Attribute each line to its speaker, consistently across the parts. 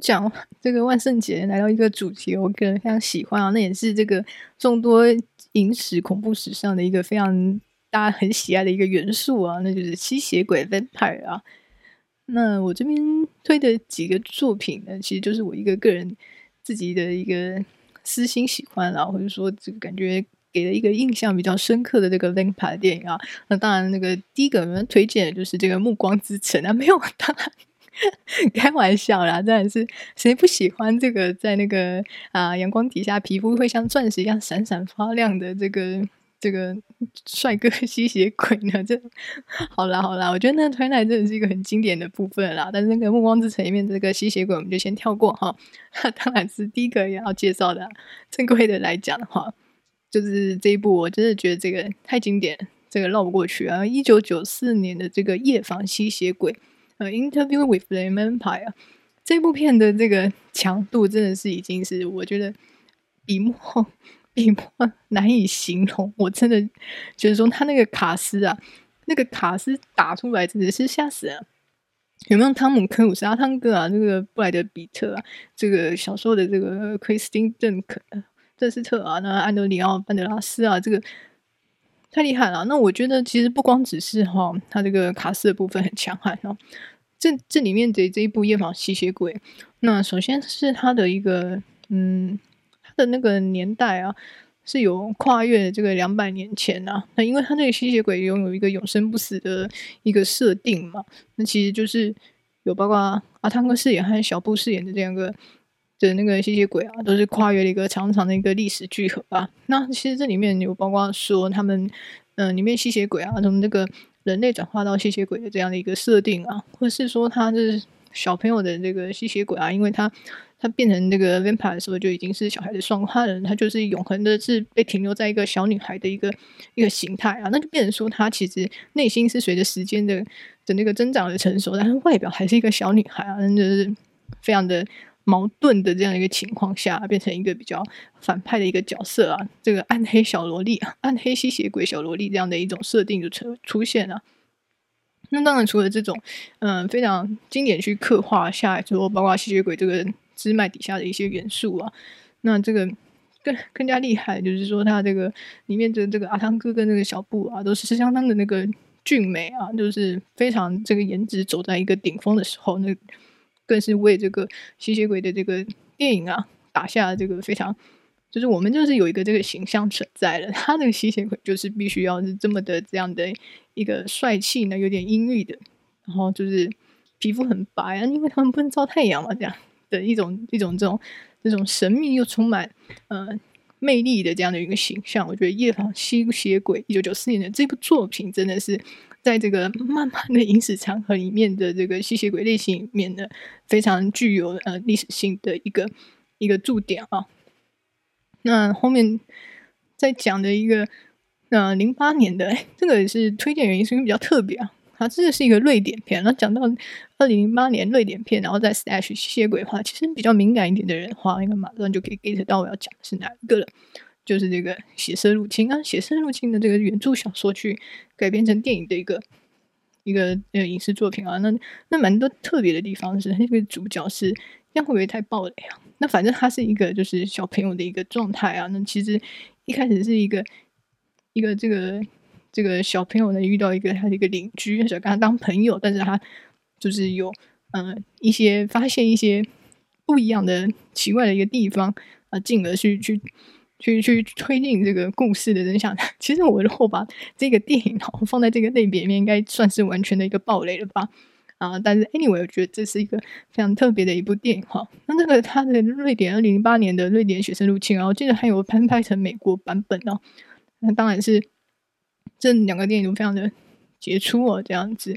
Speaker 1: 講這個萬聖節來到一個主題，我個人非常喜歡啊！那也是這個眾多影史恐怖史上的一個非常大家很喜愛的一個元素啊，那就是吸血鬼 Vampire 啊。那我這邊推的幾個作品呢，其實就是我一個個人自己的一個私心喜歡啊，或者說這個感覺給了一個印象比較深刻的這個 Vampire 的電影啊。那當然，那個第一個我們推薦的就是這個《暮光之城》啊，那沒有啊，當然。開玩笑啦，當然是誰不喜歡這個在那個啊、呃、陽光底下皮膚會像鑽石一樣閃閃發亮的這個這個帥哥吸血鬼呢？這好啦好啦，我覺得那 Twilight 真的是一個很經典的部分啦。但是那個《暮光之城》裡面這個吸血鬼，我們就先跳過哈。那當然是第一個也要介紹的、啊，正規的來講的話，就是這一部，我真的覺得這個太經典，這個繞不過去啊。一九九四年的這個《夜訪吸血鬼》。呃，Interview with the Vampire，啊、這部片的這個強度真的是已經是我覺得筆墨筆墨難以形容。我真的覺得說他那個卡斯啊，那個卡斯打出來的真的是嚇死了。有沒有湯姆克·克魯斯，阿湯哥啊？那個布萊德·彼特啊？這個小說的這個 Kristen 鄧、啊、肯鄧斯特啊？那安德里奧·班德拉斯啊？這個？太厲害了！那我覺得其實不光只是哈、哦，他這個卡司的部分很強悍哦。這這裡面的這一部《夜訪吸血鬼》，那首先是他的一個嗯，他的那個年代啊，是有跨越這個兩百年前吶、啊。那因為他那個吸血鬼擁有一個永生不死的一個設定嘛，那其實就是有包括阿湯哥飾演和小布飾演的這樣一個的那個吸血鬼啊，都是跨越了一個長長的一個歷史聚合吧。那其實這裡面有包括說他們，嗯、呃，裡面吸血鬼啊，從這個人類轉化到吸血鬼的這樣的一個設定啊，或者是說他是小朋友的這個吸血鬼啊，因為他他變成那個 vampire 的時候就已經是小孩子狀態了，他，人他就是永恆的是被停留在一個小女孩的一個一個形態啊，那就變成說他其實內心是隨着時間的的那個增長而成熟，但是外表還是一個小女孩啊，真的是非常的。矛盾的這樣一個情況下，變成一個比較反派的一個角色啊，這個暗黑小蘿莉啊，暗黑吸血鬼小蘿莉這樣的一種設定就出現了。那當然，除了這種，嗯、呃，非常經典去刻畫下來之後，包括吸血鬼這個支脈底下的一些元素啊，那這個更更加厲害，就是說他這個裡面的這個阿湯哥跟那個小布啊，都是相當的那個俊美啊，就是非常這個顏值走在一個頂峰的時候那。更是為這個吸血鬼的這個電影啊，打下了這個非常，就是我們就是有一個這個形象，存在了。他那個吸血鬼就是必須要是這麼的這樣的一個帥氣呢，有點陰鬱的，然後就是皮膚很白啊，因為他們不能照太陽嘛，這樣的一種一種這種這種神秘又充滿嗯、呃、魅力的這樣的一個形象，我覺得《夜訪吸血鬼》一九九四年的這部作品真的是。在這個漫漫的影視長河裡面的這個吸血鬼類型裡面的非常具有呃歷史性的一個一個注點啊。那後面在講的一個，呃零八年的，欸、這個也是推薦原因，是因為比較特別啊。它、啊、這個、是一個瑞典片，那講到二零零八年瑞典片，然後再 stash 吸血鬼化，其實比較敏感一點的人的話，應該馬上就可以 get 到我要講的是哪一個了。就是這個《血色入侵》啊，《血色入侵》的這個原著小說去改編成電影的一個一個呃影視作品啊，那那蠻多特別的地方是，那這個主角是，這樣會不會太暴力啊？那反正他是一個就是小朋友的一個狀態啊。那其實一開始是一個一個這個這個小朋友呢，遇到一個他的一個鄰居，想跟他當朋友，但是他就是有嗯、呃、一些發現一些不一樣的奇怪的一個地方啊，進而去去。去去推進這個故事的真相。其實我如果把這個電影哈放在這個類別裡面，應該算是完全的一個爆雷了吧？啊，但是 anyway，我覺得這是一個非常特別的一部電影哈。那那個它的瑞典二零零八年的瑞典血色入侵，然我記得還有翻拍成美國版本哦、啊。那當然是這兩個電影都非常的傑出哦，這樣子。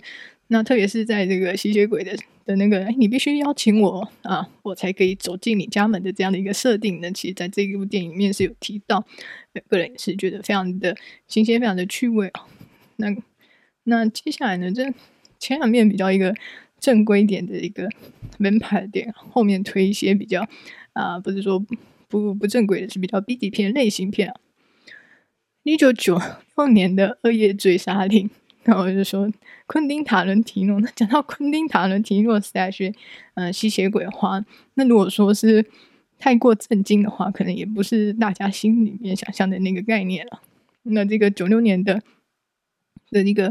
Speaker 1: 那特別是在這個吸血鬼的的那個，欸、你必須邀請我啊，我才可以走進你家門的這樣的一個設定呢，其實，在這一部電影裡面是有提到，個人也是覺得非常的新鮮，非常的趣味、啊、那那接下來呢，這前兩面比較一個正規一點的一個門牌店，後面推一些比較啊，不是說不不正規的，是比較 B 級片類型片啊。一九九六年的《惡夜追殺令》。那我就說，昆汀·塔倫提諾。那講到昆汀·塔倫提諾學，實在是，嗯，吸血鬼的話，那如果說是太過震驚的話，可能也不是大家心裡面想象的那個概念了。那這個九六年的的一個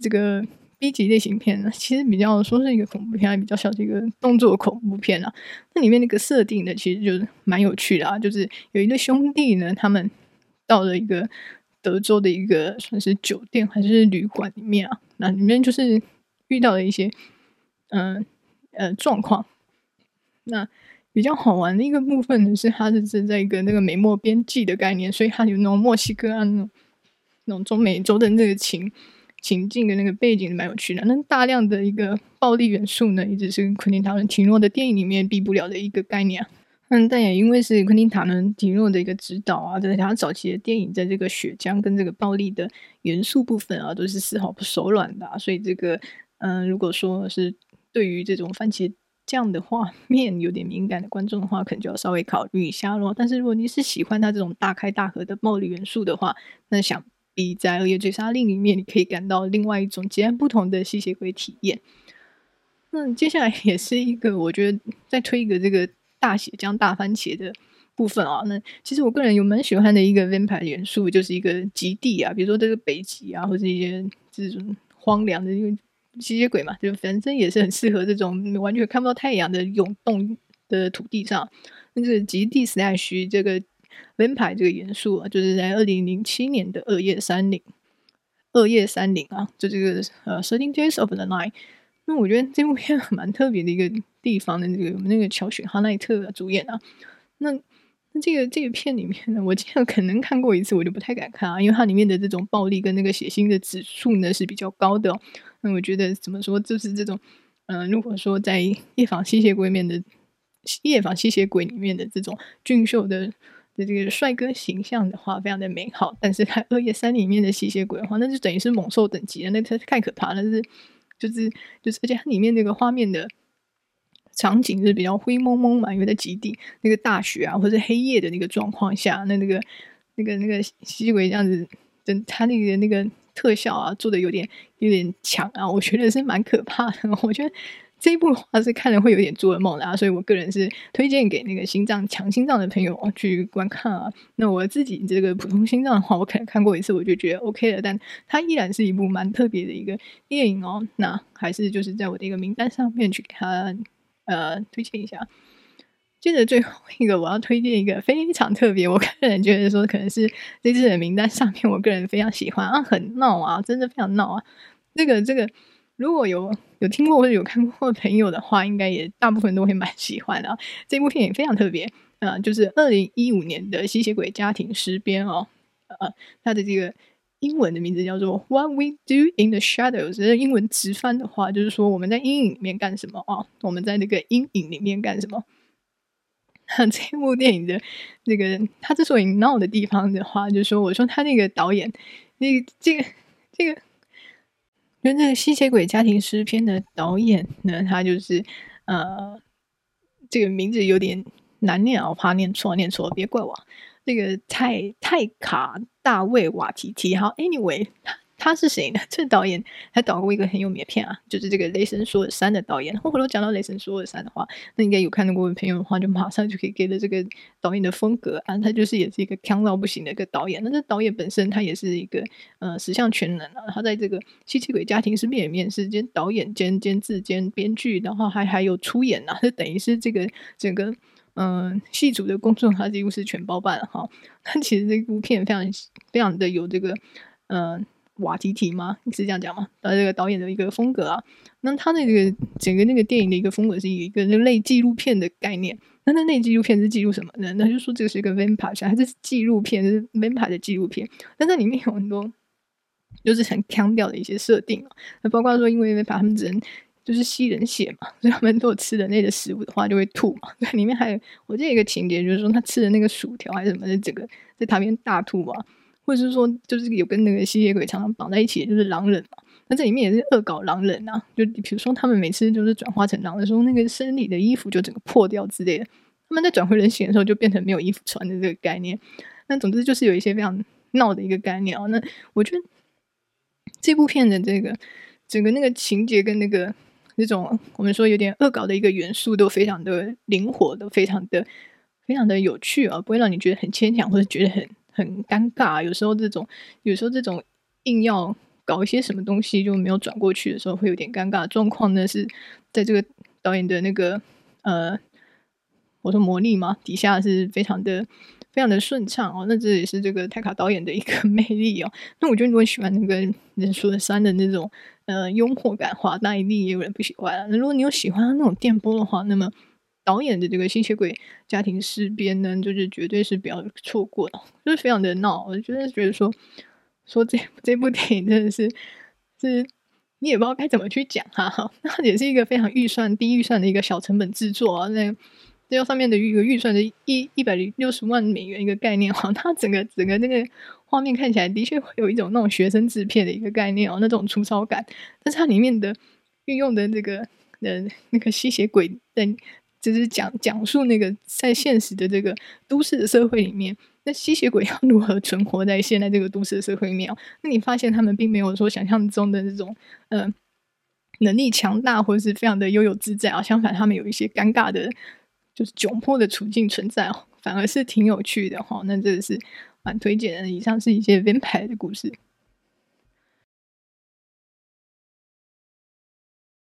Speaker 1: 這個 B 級類型片呢，其實比較說是一個恐怖片，還比較像是一個動作恐怖片啊。那裡面那個設定的，其實就是蠻有趣的啊，就是有一對兄弟呢，他們到了一個。德州的一個算是酒店還是，是旅館裡面啊，那裡面就是遇到了一些嗯呃，呃狀況。那比較好玩的一個部分呢，就是，它是站在一個那個美墨邊境的概念，所以它有那種墨西哥啊那種那種中美洲的那個情情境的那個背景，蠻有趣的。那大量的一個暴力元素呢，一直是昆汀·塔倫提諾的電影裡面避不了的一個概念，啊。嗯，但也因為是昆汀塔倫提諾的一個指導啊，再加他早期的電影，在這個血漿跟這個暴力的元素部分啊，都是絲毫不手軟的、啊。所以這個，嗯、呃，如果說是對於這種番茄醬的畫面有點敏感的觀眾的話，可能就要稍微考慮一下咯。但是如果你是喜歡他這種大開大合的暴力元素的話，那想必在《惡夜追殺令》裡面，你可以感到另外一種截然不同的吸血鬼體驗。那、嗯、接下來也是一個，我覺得再推一個這個。大血漿大番茄的部分啊，那其實我個人有蠻喜歡的一個 vampire 元素，就是一個極地啊，比如說這個北極啊，或者一些這種荒涼的，因為吸血鬼嘛，就反正也是很適合這種完全看不到太陽的湧動的土地上。那這個極地時代需這個 vampire 這個元素啊，就是在二零零七年的惡夜30，惡夜30啊，就這個呃，thirty、uh, days of the night。那我覺得這部片蠻特別的一個地方的，那、這個那個喬許哈奈特主演啊，那那這個這個片裡面呢，我記得可能看過一次，我就不太敢看啊，因為它裡面的這種暴力跟那個血腥的指數呢是比較高的，哦。那我覺得怎麼說，就是這種，嗯、呃，如果說在夜訪吸血鬼面的夜訪吸血鬼裡面的這種俊秀的的這個帥哥形象的話，非常的美好；但是看惡夜30裡面的吸血鬼的話，那就等於是猛獸等級了，那個、太可怕了，就是。就是就是，就是，而且它裡面那個畫面的場景就是比較灰濛濛嘛，因為在極地那個大雪啊，或者是黑夜的那個狀況下，那那個那個那個吸血鬼這樣子，等他那個那個特效啊，做得有點有點強啊，我覺得是蠻可怕的，我覺得。這一部的話是看了會有點做夢的啊，所以我個人是推薦給那個心臟強心臟的朋友去觀看啊。那我自己這個普通心臟的話，我可能看過一次我就覺得 OK 了，但它依然是一部蠻特別的一個電影哦。那還是就是在我的一個名單上面去給他呃推薦一下。接着最後一個，我要推薦一個非常特別，我個人覺得說可能是這次的名單上面，我個人非常喜歡啊，很鬧啊，真的非常鬧啊，這個這個。如果有有聽過或者有看過朋友的話，應該也大部分都會蠻喜歡的、啊。這部電影非常特別，嗯、呃，就是二零一五年的吸血鬼家庭屍篇哦，呃，它的這個英文的名字叫做《What We Do in the Shadows》，英文直翻的話就是說我們在陰影裡面幹什麼啊、哦？我們在那個陰影裡面幹什麼？啊、這部電影的那、這個它之所以鬧的地方的話，就是說我說它那個導演，那這個這個。這個因為那個《吸血鬼家庭屍篇》的導演呢，他就是，呃，這個名字有點難念啊，我怕念錯，念錯別怪我。那、這個泰泰卡大衛瓦提提，哈 a n y、anyway、w a y 他是誰呢？這個、導演還導過一個很有名的片啊，就是這個《雷神索爾三》的導演。我回頭講到《雷神索爾三》的話，那應該有看到過我的朋友的話，就馬上就可以 get 這個導演的風格啊。他就是也是一個鏘到不行的一個導演。那這導演本身他也是一個呃十項全能啊。他在這個《吸血鬼家庭屍篇》裡面是兼導演兼監制兼編劇，然後還還有出演啊，就等於是這個整個嗯戲、呃、組的工作他幾乎是全包辦哈、啊。那、哦、其實這部片非常非常的有這個嗯。呃瓦提提嗎？你是這樣講嗎？他這個導演的一個風格啊，那他那個整個那個電影的一個風格是一個那類紀錄片的概念。那那類紀錄片是記錄什麼呢？那就說這個是一個 vampire 還是紀錄片，這是 vampire 的紀錄片。但那裡面有很多就是很強調的一些設定嘛，那包括說因為吸血鬼他們只能就是吸人血嘛，所以他們如果吃人類的食物的話就會吐嘛。那裡面還有我記得一個情節，就是說他吃的那個薯條還是什麼的，這個在旁邊大吐嘛。或者是說，就是有跟那個吸血鬼常常綁在一起，就是狼人嘛。那這裡面也是惡搞狼人啊，就比如說他們每次就是轉化成狼的時候，那個身體的衣服就整個破掉之類的。他們在轉回人形的時候，就變成沒有衣服穿的這個概念。那總之就是有一些非常鬧的一個概念啊。那我覺得這部片的這個整個那個情節跟那個那種我們說有點惡搞的一個元素，都非常的靈活，都非常的非常的有趣啊，不會讓你覺得很牽強，或者覺得很。很尷尬，有時候這種，有時候這種硬要搞一些什麼東西就沒有轉過去的時候，會有點尷尬。狀況呢是在這個導演的那個呃，我說魔力嘛，底下是非常的、非常的順暢哦。那這也是這個泰卡導演的一個魅力哦。那我覺得如果喜歡那個人說的山的那種呃幽默感的話，那一定也有人不喜歡啊。那如果你有喜歡那種電波的話，那麼。導演的這個吸血鬼家庭屍篇呢，就是絕對是不要錯過的，就是非常的鬧。我覺得覺得說，說這這部電影真的是，是你也不知道該怎麼去講哈、啊。那也是一個非常預算低預算的一個小成本製作啊。那就上面的一個預算的一一百六十萬美元一個概念啊。它整個整個那個畫面看起來的確會有一種那種學生製片的一個概念哦、啊，那種粗糙感。但是它裡面的運用的那、這個，的那個吸血鬼的。就是講講述那個在現實的這個都市的社會裡面，那吸血鬼要如何存活在現在這個都市的社會裡面？哦，那你發現他們並沒有說想象中的那種，嗯、呃，能力強大或者是非常的悠游自在啊，相反，他們有一些尷尬的，就是窘迫的處境存在哦，反而是挺有趣的哈。那這個是蠻推薦的。以上是一些 Vampire 的故事。